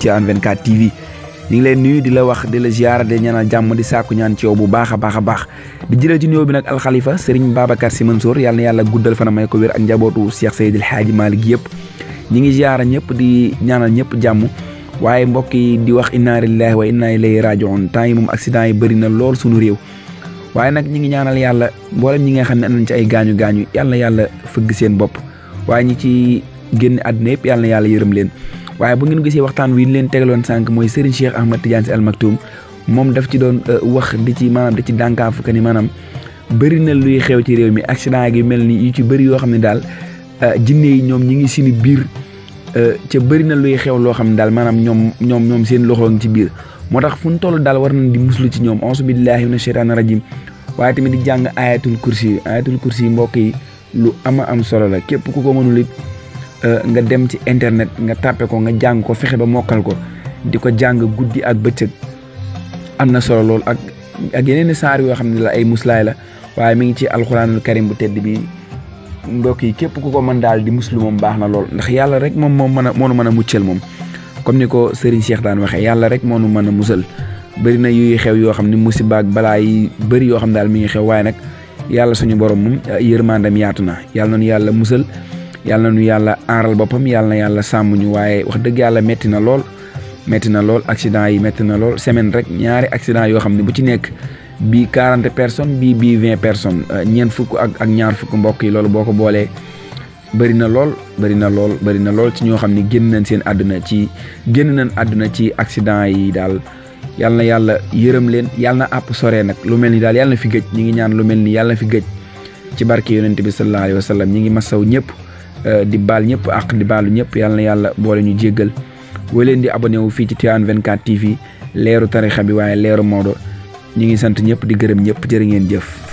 ci Tivaouane 24 TV ñu ngi leen nuyu di la wax di la ziara di ñaanal jàmm di sàkku ñaan ci yow bu baax a baax a baax di jëlee ci nuyoo bi nag alxalifa Serigne Babacar Sy Mansour yàlla na yàlla guddal fana may ko wér ak njabootu Cheikh Seydil Hadji Malick yëpp ñi ngi ziara ñëpp di ñaanal ñëpp jàmm waaye mbokk yi di wax inna lillahi wa inna ilayhi rajiun temps yi moom accident yi bëri na lool suñu réew waaye nag ñi ngi ñaanal yàlla mboolem ñi nga xam ne am nañ ci ay gaañu gaañu yàlla yàlla fëgg seen bopp waaye ñi ci génn àddina yëpp yàlla yàlla yërëm leen waaye bu ngeen gisee waxtaan wi leen tegaloon sànq mooy Serigne Cheikh Ahmad Tidiane Sy moom daf ci doon euh, wax di ci maanaam di ci dànkaafu que ni maanaam bëri na luy xew ci réew mi accident gi mel ni yu ci bëri yoo xam ne daal euh, jinne yi ñoom ñi ngi sini biir euh, ca bëri na luy xew loo xam ne daal maanaam ñoom ñoom ñoom seen loxo ngi ci biir moo tax fu ñu toll daal war nañ di muslu ci ñoom auzu billaahi mina sheytaani rajim waaye tamit di jàng ayatul kursi ayatul kursi yi mbokk yi lu ama am solo la képp ku ko mënul it Euh, nga dem ci internet nga tàppe ko nga jàng ko fexe ba mokkal ko di ko jàng guddi ak bëccëg am na solo lool ak ak yeneen saar yoo xam ne la ay muslaay la waaye mi ngi ci alxuraanul karim bu tedd bi yi képp ku ko mën daal di muslu moom baax na lool ndax yàlla rek moom moom mën a moonu mën a muccal moom comme ni ko Serigne Cheikh daan waxee yàlla rek moonu mën a musal bëri na yuy xew yoo xam ne musiba ak balaa yi bëri yoo xam daal mi ngi xew waaye nag yàlla suñu borom moom yërmandam yaatu na yàlla noonu yàlla musal yàlla na nu yàlla aaral boppam yàlla na yàlla sàmm waaye wax dëgg yàlla metti na lool metti na lool accident yi metti na lool semaine rek ñaari accident yoo xam ne bu ci nekk bii quarante personnes bii bii vingt personnes euh, ñeent fukk ak ak ñaar fukk mbokk yi loolu boo ko boolee bëri na lool bëri na lool bëri na lool ci ñoo xam ne génn nañ seen àdduna ci génn nañ àdduna ci accident yi daal yal na yàlla yërëm leen yàlla na àpp soree nag lu mel ni daal yàlla na fi géej ñu ngi ñaan lu mel ni yàlla fi gëj ci barke yonent bi sallallahu alayhi wa sallam ñi ngi masaw ñëpp Euh, di baal ñëpp ak di baalu ñëpp yàlla na yàlla boole ñu jéggal wooy leen di abonné wu fii ci Tivaouane 24 TV leeru tarixa bi waaye leeru Maodo ñu ngi sant ñëpp di gërëm ñëpp jërë ngeen jëf